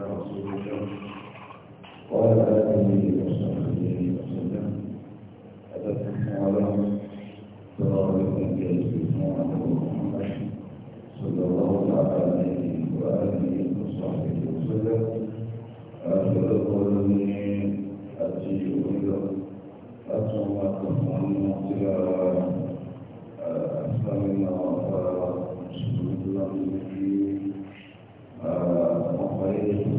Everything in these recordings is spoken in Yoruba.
وعلى آله وصحبه وسلم أتتكم على صراط الأنبياء محمد صلى الله تعالى عليه وآله وصحبه وسلم آخر قولي أتيه إلى أتوم أتوم إلى أسلامنا وسلم الله الرحمن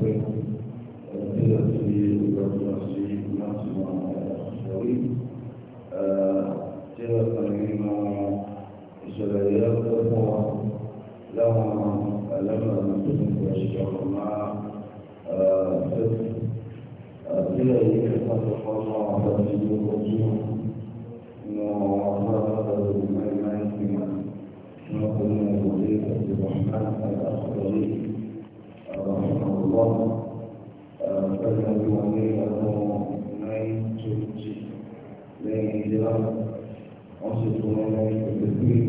الأخضر الله فإنه يومي أنه نعيم تلتي لين جرام أصدق لنا التدبير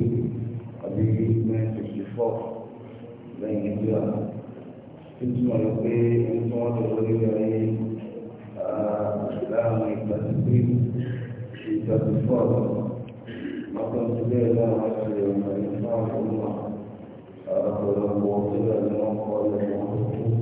أبي من تكتفاق لين جرام كنت مرقي أنت مرقي عليه الآن التدبير في تكتفاق ما كنت لي لا أصل يوم الإنسان الله أرى الله وصلى الله عليه وسلم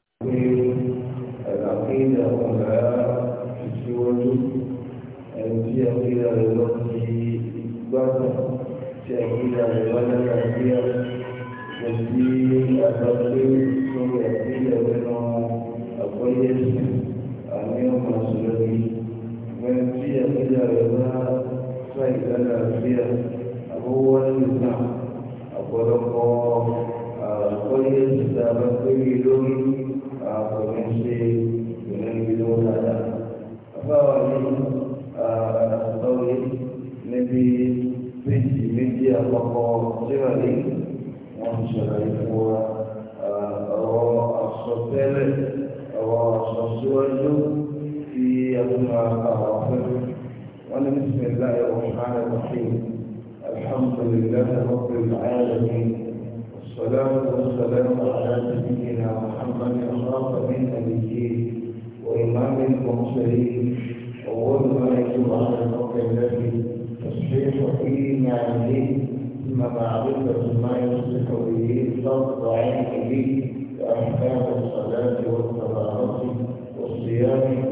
tí àwíyá rẹ̀ lọ sí gbàgbọ́ tí àwíyá rẹ̀ wá lára àwíyá kò sí àgbàgbé lórí àwíyá rẹ̀ lọ àgbọ́yé àmì ọmọ àṣùlọ́bí wọn tí àwíyá rẹ̀ wá sáì lára àwíyá àbúwọ́ nígbà ọ̀pọ̀lọpọ̀ الله لولي وانشرعوا آه، الصفر والصفر في الآخر وأنا بسم الله الرحمن الرحيم الحمد لله رب العالمين والصلاة والسلام على سيدنا محمد من أبيه وإمام المرسلين وغرمة على الحق الذي تصحيح إيمانه ما معرفة ما يصلح به فرض عينه كأحكام الصلاة والتبارك والصيام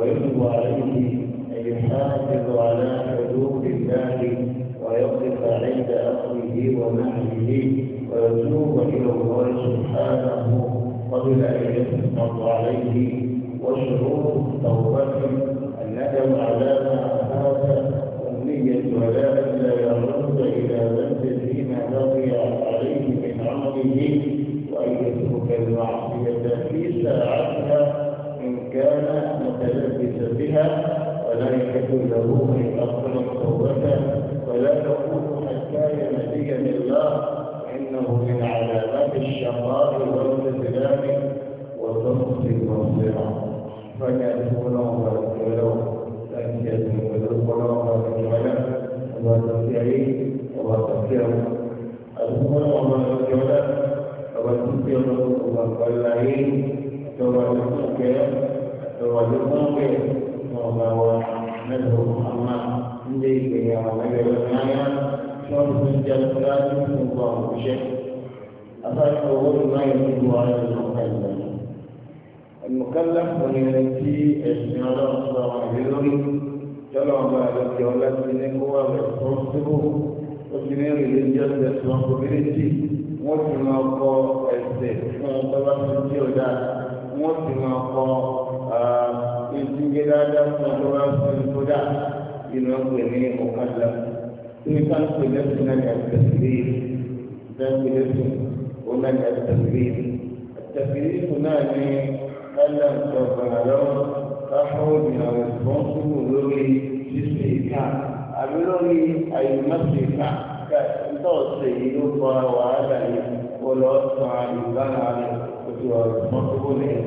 ويجب عليه أن يحافظ على حدود الله ويقف عند أخذه ونحله ويتوب إلى الله سبحانه قبل أن يسقط عليه وشروط التوبة الندم على ما ولنظر إلى ذنب فيما بقي عليه من عمره وأن يترك المعصية في ساعتها إن كان متلبس بها ولا يكن له من يقبل توبته ولا تقول حتى ينجي الله إنه من علامات الشقاء والخذلان وتنقص المصيرة لك لو ولو فكأنه لا ولو والتابعين وتذكره الأمة والرسول وتذكر والقلعين وتذكر وتذكر وهو نبه محمد إليك يا مجد المعيا شرف الجلسات الله بشيء أفعل أول ما يجب على المكلف المكلف وليلتي اسم الله صلى الله عليه وسلم yọ́lọ́ ọba àlọ́kẹ́ ọlọ́sí ní kó wà lọ fún síbò ó ti ní religious responsibility wọ́n ti máa kọ ẹ̀sẹ̀ fún bàbá tó tí ó dáa wọ́n ti máa kọ ìdíje dáadáa fún bàbá tó tó dáa ìlú pè ní ọ̀kadà ní káńtì lẹ́sìn náà ní àtẹ̀sílẹ̀ ìdájọ́ lẹ́sìn òun náà ní àtẹ̀sílẹ̀ àtẹ̀sílẹ̀ náà ní lálẹ́ àti ọ̀gbọ̀n àlọ́wọ́ káfáwọ́ ìgbìyànjú rẹ̀sìpọ́nsìbù lórí ṣíṣe ìka àbí lórí àyùmọ́sì ìka nítorí ọ̀sẹ̀ yìí ló fa wàhálà yìí kó lọ sàn àyùbára rẹ̀ oṣù rẹ̀sìpọ́nsìbù rẹ̀.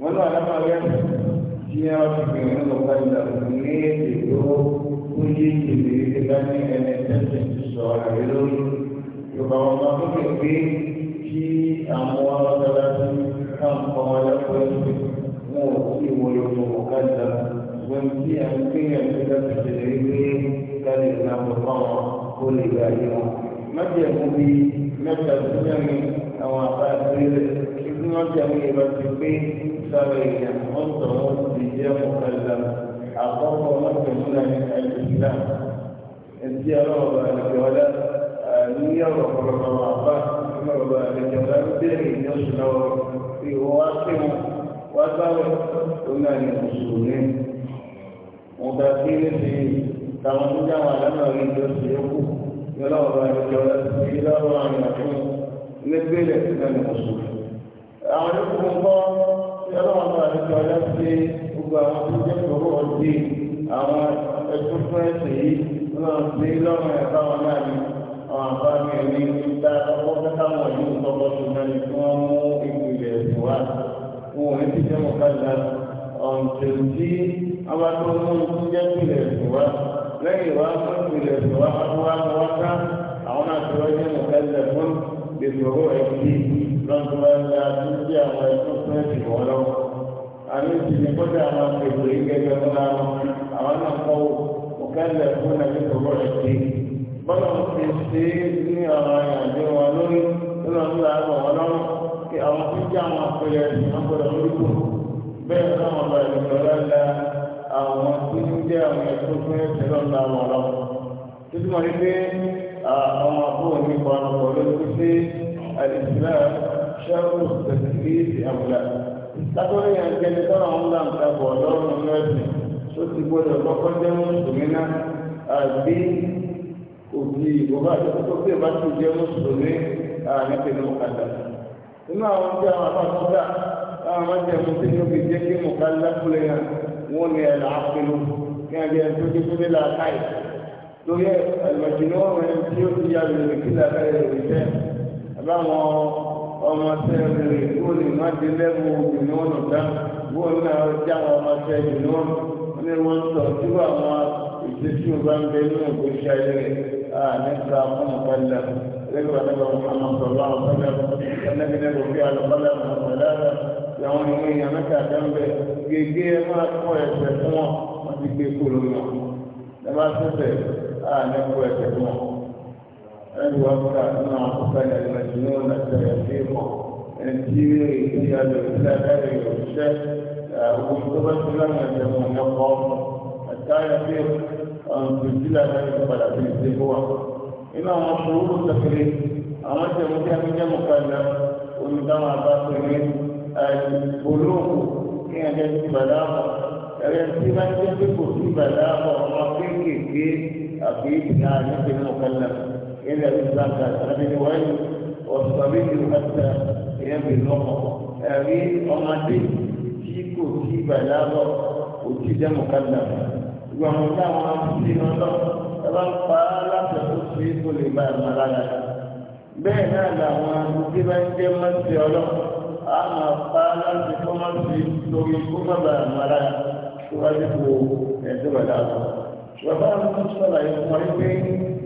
wọ́n náà lámà rẹ̀ tí wọ́n fi gbìyànjú nínú kájà ní èdè tó kún yé ìdè ìdíkà ní ẹni tẹ́sán sọ àbí lórí yorùbá wọn máa tó kẹ̀ kí àwọn ọlọ́dọ̀ láti ká nǹkan wọn lẹ́kọ̀ọ́ وسيم المكلف ومسيء مسيء المكلف الجليل كان الإمام الطمع كل ذلك مجد به مجد السلمي أو أعطاء سير ابن مجد يبدو فيه سبعين وانطروا بجاء مكلف أعطاه مجد من الإسلام انتياروا بالجولات نية وقرر الله أكبر وبارك الله في واقع wá gbáwẹ̀ tó náà ní mùsùlùmí mo gbà sí níbi táwọn tó jáwọ́ àdámọ̀ rí ló sì ó kù ní ọlọ́wọ́ bá yọ jọ sí lọ́wọ́ àwọn àfún nígbèlè tó náà ní mùsùlùmí. àwọn yòókù ń kọ́ ní ọlọ́wọ́ bá yọ jọ sí gbogbo àwọn tó jẹ́ ìgbòho ọ̀dí àwọn ẹ̀tún fún ẹ̀sìn yìí lọ́wọ́ sí lọ́wọ́ ẹ̀ báwọn náà ní àwọn àbámi ẹ̀mí ń ta ọkọ̀ kẹta wọ̀nyí ń tọ́kọ̀ wọn ò ní ti jẹ́ mọ̀kànlá ọ̀njẹ̀rù tí a bá tó mú un jẹ́ ìpìlẹ̀ ẹ̀sìn wa lẹ́yìn ìwà fún ìpìlẹ̀ ẹ̀sìn wa wọ́n wá ní wọ́n ká àwọn àti wọ́n jẹ́ mọ̀kànlá fún ìṣòro ẹ̀sìn lọ́dúnrún àti ti àwọn ẹ̀sìn fún ẹ̀sìn wọn lọ́wọ́. àmì ìsìn kọ́jà àwọn àpèjọ ìgẹ́gẹ́ fúnra wọn àwọn náà kọ́ mọ̀kànlá fún ìṣòro ẹ̀sìn bọ́lá pé àwọn tí ń jẹ́ àwọn àpẹẹrẹ ẹ̀sìn wọn gbọ́dọ̀ lórúkọ bẹ́ẹ̀ náà wọn bá ìlú ọ̀la àwọn tí ń jẹ́ àwọn ẹ̀sìn fún ẹ̀sìn lọ́nà àwọn ọ̀rọ̀ títí wọn ní pé àwọn àbúrò ní ipa ọ̀pọ̀ lórí pé àdìsílá ṣẹ́rù tẹ̀síkìrìsì àbúlà látọ́rí yẹn ń jẹni tọ́nà ń là ń takọ̀ lọ́rùn lọ́sìn tó ti gbọ́dọ̀ kọ́kọ́ jẹ́ mùsùlùmí náà àbí inú àwọn tí àwọn àbáfọ́dà táwọn máa ń jẹ fún sínú fi jẹ́ kí mọ̀ká lẹ́kùnlé náà wọ́n ní ẹ̀ làákùnú ní àjẹ́ tó dé tó dé làákàyè lórí ẹ̀lọ́jìnà ọmọ ẹni tí ó ti yára lè kí làákàyè rẹ̀ jẹ́ àbáwọn ọmọ tẹ rẹ̀ kó lè má dé lẹ́bù ìnú ọ̀nà dá wọ́n náà já àwọn ọmọ tẹ ìnú ọ̀nà wọ́n ní wọ́n sọ tí àwọn ìṣesí ò ń bẹ nínú ìgbésí ذكر نبي محمد صلى الله عليه وسلم النبي نبي إيه في على قلم الثلاثة يوم يومية متى جنبه كيكي ما تقول يتسمع ما تكي كل يوم لما تسمع آه نبي يتسمع أنت وقت أنا أقفل المجنون التيسيق الجيري آه، آه، في الثلاثة والشك ومتبت لم يتسمع يقوم التيسيق أن تجلها يقبل في الزبوة inú àwọn ṣòro tẹ̀lé àwọn tẹ̀lé tí a fi jẹ́ mọ̀kànlá onídàwọn abáfẹ́lẹ́ àìgbòlóòkù kí a jẹ́ ti bàdá àbọ̀ ẹ̀rẹ́ tí bá jẹ́ pé kò sí bàdá àbọ̀ ọmọ kéékèèké àbí ìdá àdéhùn mọ̀kànlá ilẹ̀ ìgbàgbà àdéhùwáyé ọ̀sọ̀rí ìrọ̀tà ìyẹ́bí lọ́kọ̀ ẹ̀rí ọmọdé tí kò sí bàdá àbọ̀ òtí jẹ́ mọ̀kànlá ìgbà ẹ̀rọ ń pa láti ọ̀tún sí kò lè bá ẹ̀mọ́ lára bẹ́ẹ̀ náà làwọn tí bá ń jẹ́ mọ́tì ọlọ́ a máa pa láti kọ́ mọ́tì lórí kó má bá ẹ̀mọ́ lára tó wá sí kò ẹ̀dọ́ rẹ̀ láàbọ̀. bàbá mi tún sọ̀rọ̀ yìí wọ́n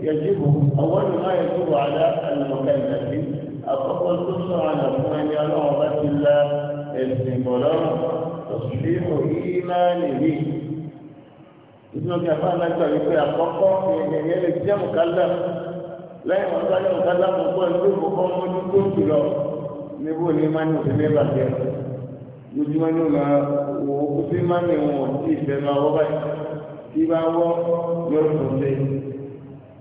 yẹ̀jìbò àwọn ìlú máa yẹ̀jọ́ wà á àlùmọ̀kà ìdàgbé àkọ́kọ́ tó sọ̀rọ̀ àná ìdí omi àbá alágbà wípé àkọ́kọ́ èèyàn yẹn lè jẹ́ mùkálá lẹ́yìn wọn bá yẹ mùkálá mọ̀ pọ̀ ní ìkókó mọ́jú tó jù lọ níbo ni má ní òfin mẹ́fà jẹ́ lójúmọ́ ní ma wò ó kó sí má ní wọn tí ìfẹ́ máa wọ́ báyìí tí bá wọ́ yóò tó ṣe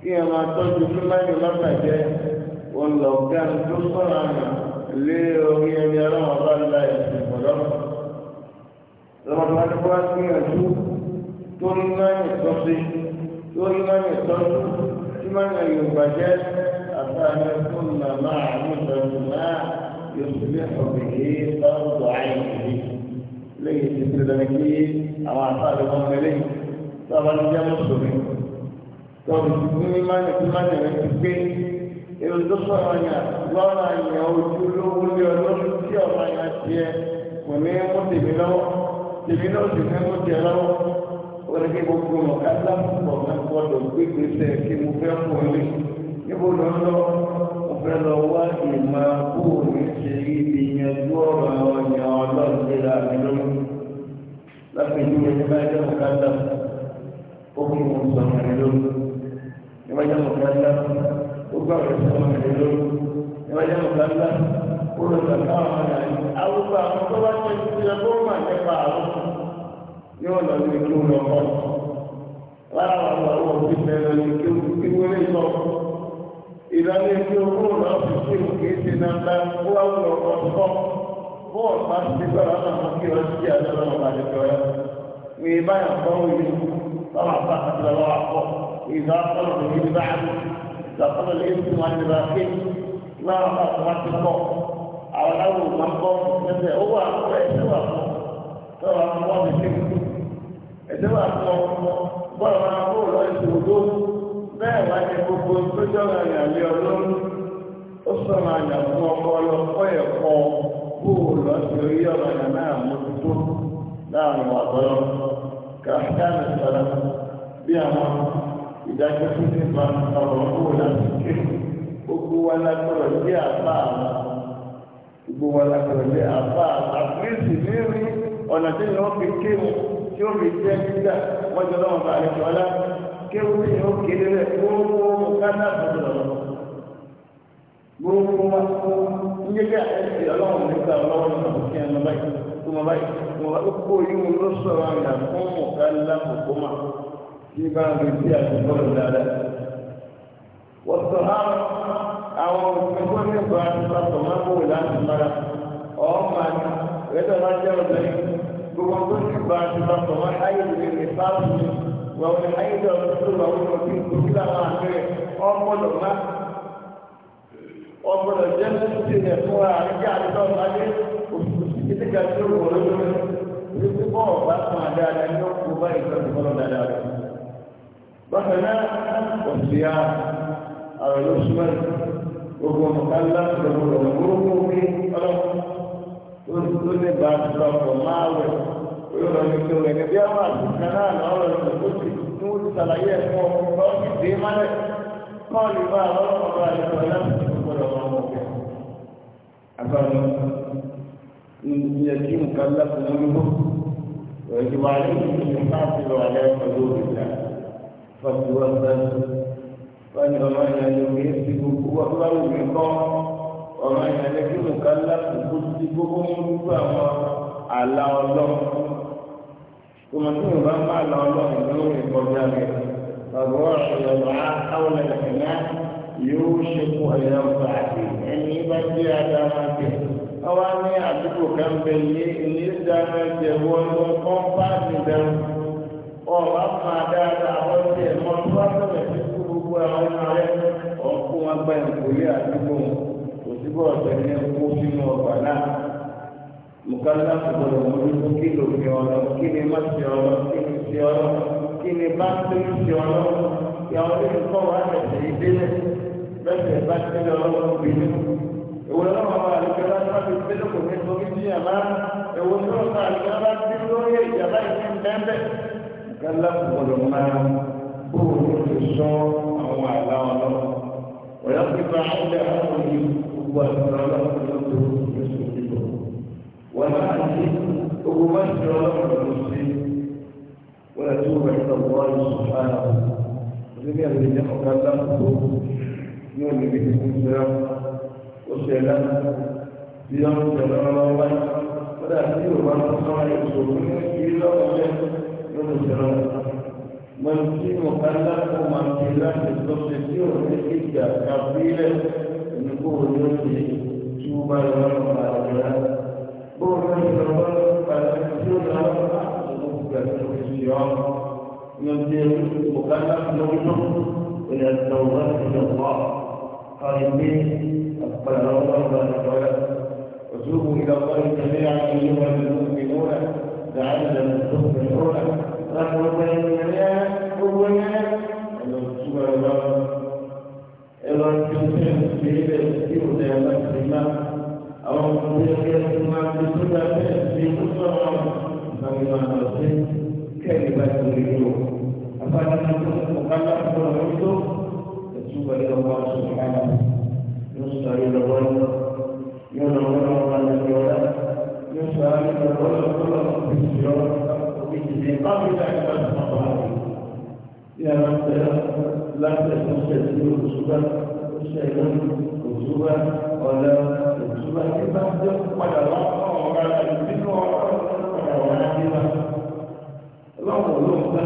kí ẹ máa tọ́jú fún má ní mọ́tà jẹ́ wọn lọ gá tó sọ̀rọ̀ àná lé orí ẹni ọlọ́wọ́ bá ń la ìsìn ọ̀dọ́ tó ní máa ń sọ sí tó ní máa ń sọ sí tí máa ń yọ ìbàjẹ́ àtàlẹ́ tó ń nà máa ní ìtọ́jú náà yóò sì lé ọ̀gbìn yìí lọ́wọ́ àìsí lẹ́yìn tí ti lẹ́nu kí àwọn àtàlẹ́ wọn mẹ́lẹ́ tó a bá ní jẹ́ mùsùlùmí tó o sì ní máa ń tí máa ń rẹ̀ ti gbé èrò tó sọ̀rọ̀ yàn lọ́nà àyàn ojúlówó lé ọlọ́run tí ọ̀rọ̀ yàn tiẹ̀ kò ní mú tèmi lọ́wọ́ tèmi náà sì mú tiẹ̀ lọ́wọ́ wọ́n ní gbogbo wọn kásá púpọ̀ náà gbọ́dọ̀ gbégbé sẹ́ kí mo fẹ́ pọ̀ lé níbo lọ lọ mo fẹ́ lọ wá ìmọ̀ kó o ní ṣe ibi yanjú ọ̀rọ̀ àwọn èèyàn ọlọ́run léra mi lọ́wọ́ láti ìlú ẹni bá jẹ́ mo kásá ó kún mo sọ ọmọ mi lọ́wọ́ ní wọ́n jẹ́ mo kásá ó gbà wọ́n sọ ọmọ mi lọ́wọ́ ní wọ́n jẹ́ mo kásá ó lọ sọ fún ọmọ yàrá àwọn ọmọ tó bá tẹ̀síwájú ó mà nípa àwọn yóò lọ sí ikú lọ kọ́. Lára àwọn àwọn òbí bẹ̀rẹ̀ ní kí o ti wéré sọ. Ìlànà ìfi owó lọ sí sí òkè ti na ta kó wá lọ kọ́ sọ. Bọ́ọ̀lù máa ti ti bẹ̀rẹ̀ àwọn ọmọ kí wọ́n ti àjọ náà wà lẹ́kọ̀ọ́ yẹn. Mi báyà kọ́ òye báwa bá àti lọ́wọ́ àkọ́. Ìgbà kọ́lọ̀ mi ní báyìí. Ìgbàkọ́lọ̀ lè fi wọn ní bá ké. Lára àwọn àwọn ti kọ́. Àwọn aláwọ̀ máa ń kọ́ ẹsẹ̀ owó àkọ́ ẹsẹ̀ wà fún. Tọ́wọ́ àwọn ọmọ mi ti kú ẹ̀sẹ̀ wà fún ọmọ bọ́ọ̀lù máa kó lọ ìṣòro bẹ́ẹ̀ wá ní gbogbo tó jọra ìyàlẹ́ ọlọ́run ó sọ̀rọ̀ àyà fún ọkọ ọlọ́kọ́ ẹ̀kọ́ bóòlù ọ̀sẹ̀ orí ọ̀rọ̀ àyà náà mójútó láàrin àbọ̀lọ́ kàfíàmì sọ̀rọ̀ bí àwọn ìdájọ́ tó ti bá ọ̀rọ̀ kó láti ké gbogbo wa lágbọ̀rọ̀ sí àbá àwọn gbogbo wa lágbọ̀rọ̀ sí àbá àpírísì ní rí ọ̀nà tí wọ́n fi ké wọn tí ó lè jẹ́ nígbà wọ́n jọ lọ́wọ́ bá rẹ̀ jọ́lá kéwù tí ó kéde rẹ̀ gbogbo kánà tó lọ́wọ́ gbogbo wa ń yẹ́gẹ́ àti ọlọ́wọ́ nígbà ọlọ́wọ́ nígbà tó kí ẹ lọ báyìí tó mọ báyìí mo bá kó yíwọ ló sọ̀rọ̀ àgbà fún ọ̀gá lákòókò mà kí bá ń lè bí àtúntò dáadáa wọ́n sọ àwọn òṣèlú nígbà tó bá sọ máa ń wò láti ọ̀ọ́ máa ń rẹ́tọ̀ gbogbo tó ti gba àtúntò wọn ayé lè lè sáàbù ní wọn ní ayé lè ọdún tó wọn kò tí kò tí làwọn àgbẹ̀ ọgbọdọ má ọgbọdọ jẹ ní ti rẹ fún wa àríkà àtúntò wọn ayé òṣìṣẹ́ títí ká tó wọn lójú rẹ ní tí bọ́ọ̀ bá tàn án dáadáa ní ọkọ̀ bá ìtọ́ ti fọlọ́ dáadáa rẹ. bákan náà ọ̀sìn ya àrùn lóṣù mẹ́rin gbogbo ọmọ kan láti lọ́wọ́ lọ́wọ́ gbogbo ọmọ tó lè bá a lọ pọ̀ máa wẹ̀ yóò lọ sí tó rẹ̀ ní bí ọmọ àtúnkàn náà lọ rẹ̀ lọ tó ti tí wọ́n ti ṣàlàyé ẹ̀fọ́ lọ sí dé mọ́lẹ̀ kọ́ lè bá a lọ́wọ́ ọ̀rọ̀ àyẹ̀wò láti gbọ́dọ̀ máa wọ̀ kẹ́. àgbàdo ìyẹ kí nǹkan lẹ́kùn lóko ìwà yìí ká ti lọ alẹ́ pẹ̀lú òrìṣà fọ́tí wọ́n fẹ́ wọ́n ọmọ ìyẹn ló ń gbé sí gbogbo wọ́n ọ̀rọ̀ yẹn ní kí nǹkan ńlá kò ti gbogbo ń gbogbo àwọn àlà ọlọ́run kòmọ̀ tí mo bá ń bá àlà ọlọ́run ní òun ìkọjá rẹ̀ bàbá ọ̀ṣọ́ yọ̀bá àwọn ẹ̀kẹ́ná yóò ṣe kó ẹ̀yà ọ̀gbà àti ẹni bá jẹ́ adama jẹ ọwọ́ ní àdúgbò kan bẹ yé ilé dáná jẹ wọ́n kọ́ páàkì dẹ́rù ọba máa dáadáa wọ́n ti ẹ̀ mọ́ tó wá bẹ̀rẹ̀ sí gbogbo àwọn ọmọ rẹ̀ ọ̀kú wọn gbẹ̀yìn kò lé àdúgbò wọn òsibọ̀ ọ̀sẹ̀ni kú sínú ọgbà náà mùkálá gbọdọ̀ mójútó kí ló fi ọ̀rọ̀ kí ni má fi ọ̀rọ̀ kí ni fi ọ̀rọ̀ kí ni bá fi ń fi ọ̀rọ̀ kí àwọn ilé kọ́ wà lẹ́sẹ̀ yìí délẹ̀ lẹ́sẹ̀ bá ti lọ obìnrin ìwé lọ́wọ́ àwọn àlùkẹ́ bá ti fi sílẹ̀ kò ní sórí sí àmà ìwé lọ́wọ́ àlùkẹ́ bá ti lórí ìjàmbá ìfín bẹ́ẹ̀ mùkálá gbọdọ̀ máa bóòlù ti sọ àwọn àlá ọlọ́ agbára ọlọ́run ló tó oṣù níbọ̀. Wọ́n náà ní owó bá ti rọ ọlọ́run ló sí. Wọ́n àti owó ẹ̀ka wọ́n á lọ sùn fáyà. Òṣèlú àti ìjẹ́ ọ̀gá lápò ní òmìnirí ti fún ìṣẹ́ra. Ó ṣe ẹ̀dá bí wọ́n ń jẹun lọ́wọ́ wá. Wọ́n dà sí Yorùbá ń sọ ayé ìṣòro ní ìlú lọ́wọ́ jẹ́ lọ́wọ́ ìṣẹ́ra. Mo ti mọ̀ ká lápò máa ń fi láti lọ́sẹ̀ tí òun ní ìjà kàbílẹ̀. يقول يوسف توبى يوم الآخرة بوحي الرب فالمسيرة أحسنك الخيار يمدير مكلف نومه إلى التوبة إلى الله قال به أقبل الله وتوبوا إلى الله جميعا أيها المؤمنون لعلنا نصبحون رحمة الله هو وما نرسل كلمات اليوم أفاد أن كنت مكلف ونعود تتوب إلى الله سبحانه إلى الله ينور الله اليوم يسعى إلى الله كل بالسيارة إلى عبادة الله يا من لا تستطيع الصبر الشيطان الصبر ولا الصبر كيف تحدث على الله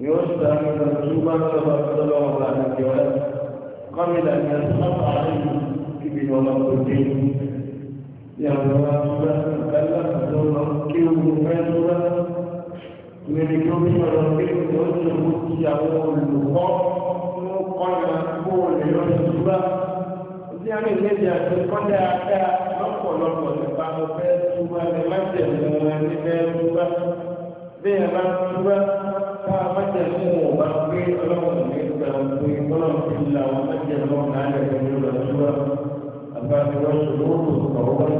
yóò sáré lọ túbá sọlọ sọlọ ọba àjọ ẹ kọmílà ní ọlọpàá àìlú kíbi ọlọpàá dé yàrá ọba ẹlẹ tó lọ kí omi mẹ́rin wá mẹ́rin tó bí ọlọ kí omi ó tó mú kí àwọn olùkọ́ ló kọyà kó o lè lọ túbá ní àwọn ìgbésẹ̀ àti kọjá ẹ lọ́pọ̀lọpọ̀ nípa mo fẹ́ túbá ẹ má jẹ ẹ nípa túbá bẹ́ẹ̀ má túbá tá a má jẹ fún wọn bá pé ọlọ́run ní ìgbà pé ọlọ́run ti là wọn má jẹ fún wọn náà lẹ́yìn ní ìgbà tó wà àbáfi wọn ṣe lóòrò ọ̀rọ̀ wọn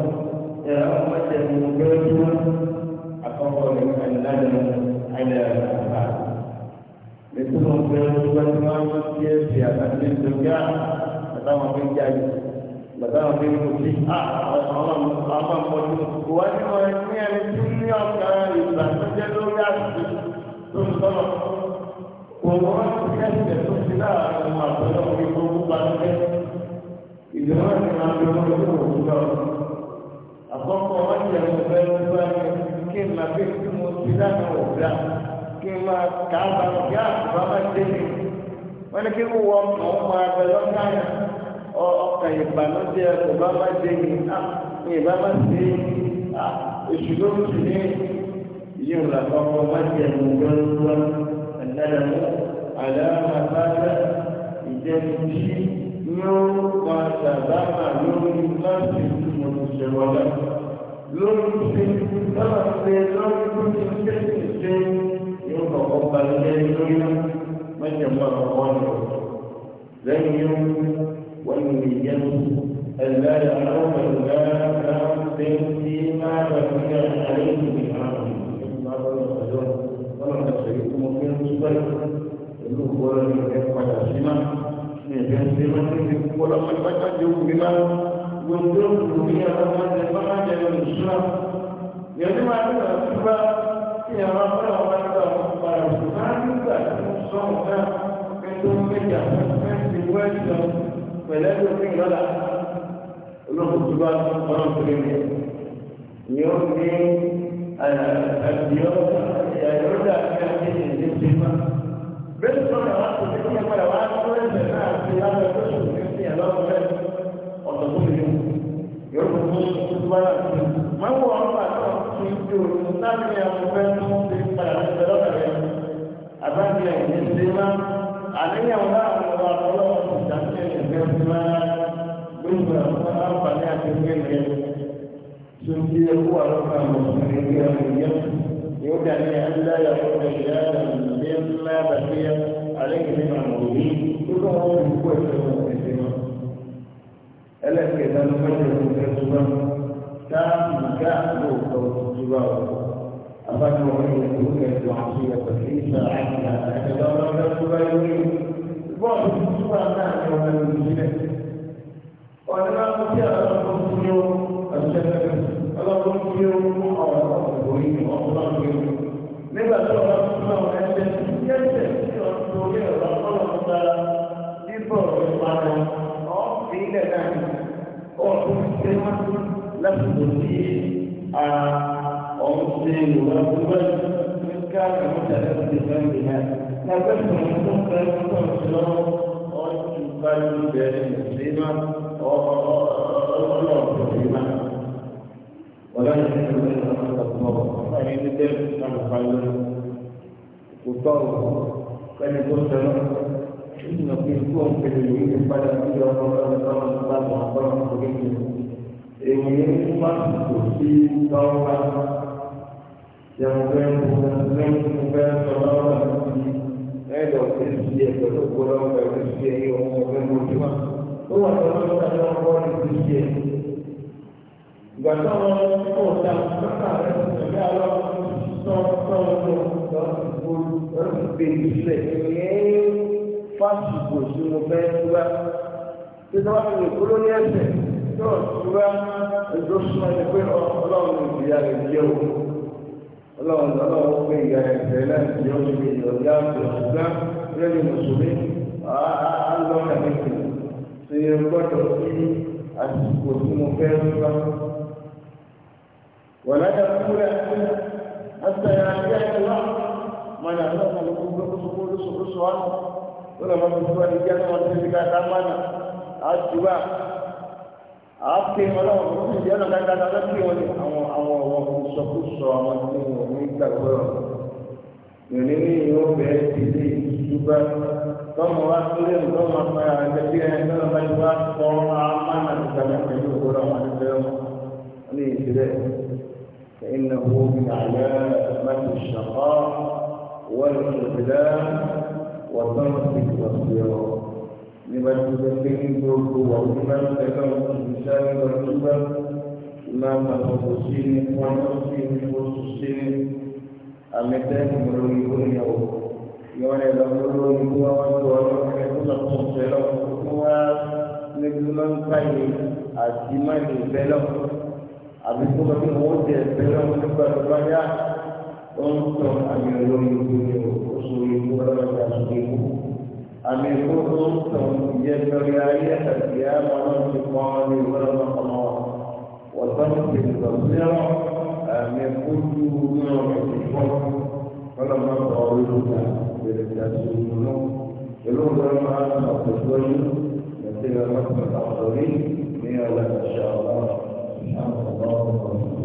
ẹ àwọn má jẹ fún wọn bẹ́ẹ̀ tó wọn àkọ́kọ́ ní àìlànà àìlànà àbá. Ètò wọn bẹ́ẹ̀ ẹni tí ní ọkàn ìgbà tó jẹ lórí àtúntò lórí tọ́lọ̀ òun wọn ti kẹ́sìtẹ̀ tó ti láàrin ohun àtọ́lọ́ orí tó ń bá lọ́kẹ́ ìdíwọ́n ti máa ń lọ lórí òun lọ. àkọ́kọ́ wọn ti ẹ̀rọ fẹ́ ló bá yẹ kí n máa fi tí mo ti dáná ọ̀gá kí n máa kà á bá ọ̀gá àbúrò máa dé mi. wọ́n ní kí n wọ ọkàn ọmọ abẹ lọ́gá yẹn ọkàn ìbànújẹ́ ọ̀gá máa dé mi. ìbá máa dé èṣù ló ń tì ní يرى فهو مجد مجرد الندم على ما فات بجانبه يوقع سبعة يوم قاسم المتجولة لون سن سبع لون كل سن سن يوقع بالجانبين مجد مجرد لن يوم والمجد ألا يعلم الله فيما بقي عليه من أمره ọ̀dọ́ ọlọ́run ẹ̀sọ̀ yìí kó mo fi ń tú báyìí pẹ̀lú ìgbọ́lọ́ ní ẹ̀ padà sí máa ní ẹ̀jẹ̀ ń ṣe máa ń ṣe púpọ̀ lọ́mọ ìpájá jẹ́ òun mi máa gbogbo òkú ní ọlọ́mọ ẹ̀jẹ̀ bá máa jẹ lọ́nà ìṣúná yẹnu máa ń lọ sí bá kí àwọn afọ́lá wọn bá ń gbà wọn padà sí máa ń gbà tó ń sọ wọn náà pẹ̀lú méjà fẹ́ǹsì ẹ̀ẹ́dìọ́ta ẹ̀ẹ́dìọ́ta ní àdéhùn ẹ̀dẹ́ ti mọ́. bẹ́ẹ̀ sọ̀rọ̀ wá kò ní kí ẹ padà wá tó ẹ̀sẹ̀ náà ti lábẹ́ tó ṣòro ní ti ẹ̀lọ́wọ́ bẹ́ẹ̀ ọ̀tọ̀ tó lè mú. yóò tó mú tuntun wá láti mú. máa ń wọ ọ̀pá náà ti ń di òru láti ẹ̀ mú bẹ́ẹ̀ tó ń ti padà ní ìbẹ̀lọ́ta rẹ̀. àbájáde ẹ̀yìn ti máa àníyàn láàrin ọ̀rọ̀ ọlọ́run ìdásílẹ̀ ẹ̀gbẹ́ ti máa gbé ìgbà fún àǹfààní àti ìgbẹ́ ìgbẹ́ tó ń di ẹkú àlọ́kà lọ́sọ̀rọ̀ يدعي أن لا يكون إلها مما بقي عليه من المؤمنين كله من قوة المسلمين ألا كذا نفجر المسلمين كان كأنه توجبه أفكر أن يكون الوحشية فكيف عنها أتدرى كالسبيل البعض سبحانه وتعالى من المسلمين وأنا أقول يا رب السجود الشهادة الله nígbà tó wọn fún àwọn ẹgbẹ́ tí ẹsẹ tí wọn tó yẹ ọba kọlọ tó dára bíbọ rẹ padà ọfìn ilẹ̀ náà ọdún ṣe wá lásìkò tí ọ̀hún ṣe ìwà gbogbo ní káàkiri àwọn ìjàdá ti di fẹ́ẹ́ mi náà nàgbẹ́ tó wọn tó fẹ́ tó ń sọ ọdún báyìí bẹ̀rẹ̀ ìṣẹ́ná sọ̀rọ̀ ẹni ní tẹ́lẹ̀ náà fà lórí kò tọ̀rọ̀ ẹni tó tẹ̀lé ìdùnnà pé kú òun pèlè yìí ti padà sí ọmọ ọmọ ọmọ ọmọ ọmọ ọmọ ọmọ kékeré èmi ní wá kò sí tọ́wọ́ bá yẹn fẹ́ fẹ́ fẹ́ sọ̀rọ̀ ọ̀rọ̀ sí ẹ̀dọ̀ sí sí ẹ̀dọ̀ tó gbọ́dọ̀ fẹ́ ìgbà táwọn ọ̀dà kàkà rẹ̀ ṣẹlẹ̀ aláwọ̀ sọ́ọ̀tọ̀ lọ́wọ́ lọ́wọ́ bèbí rẹ̀ ẹ̀yẹ́ fásitì tí mo fẹ́ tura tí wọ́n fi lè kúrò ní ẹsẹ̀ tó tura ẹjọ́ súnmọ́ ẹni pé ọlọ́run ìyá rẹ̀ jẹ́ o ọlọ́run ọlọ́run pé ìyá rẹ̀ jẹ́ láti yọ ní ìyọ̀ ìyá rẹ̀ ṣùgbọ́n lẹ́yìn mùsùlùmí àlọ́ kàmẹ́kì ṣe gbọ́dọ̀ sí àsìkò tí mo fẹ́ tura. ولا تقول حتى يعطيك الله ما نعلم لكم رسول رسول رسول ولا ما تقول رجال ما تقول كمان أجوا àti ọlọ́run tó ti di ọ̀nà dáadáa lọ́sí wọn ni àwọn àwọn ọ̀wọ́ ìsọkúsọ àwọn tí wọn ní gbàgbọ́ ìrìn ní ìyó bẹ́ẹ̀ ti lé ìṣúgbà tọ́mọ wa sílé nǹkan máa pa àgbẹ̀bí ẹni tọ́lọ́ bá ti wá kọ́ amánà ìgbàlẹ̀ pẹ̀lú ìgbọ́dọ̀ wọn àti bẹ́ẹ̀ wọn ní ìṣẹ̀lẹ̀. فإنه من علامة الشقاء والإسلام وترك التصوير لمن تدخل برده ولمن تكون الإنسان مرتبا ما تخصصين ونفسين خصوصين أمتين مريون يوم يوم يدخلون هو وانتوان ويكون التصوير هو نجمان خير أتمان بلغ àbí tó bá tó wọ́n jẹ ìpínlẹ̀ wọn nígbà tó bá yá wọ́n ń tọ́ àmì olórí ìlú ní oṣù ìlú ọlọ́dà àti ìlú. àmì ìlú tó ń tọ́ ìyẹ́ lórí ayé àti àmà náà ti pọ́ ní ìwọ́lọ́dà kan náà wọ́n tọ́ ní ìgbà mìíràn àmì ojú náà ti pọ́ ọlọ́mọ tọ́ ìlú ta ìrìnàjò ìlú náà ìlú ọlọ́mọ àti ìlú ẹ̀sìn ọlọ́mọ àti الله وبركاته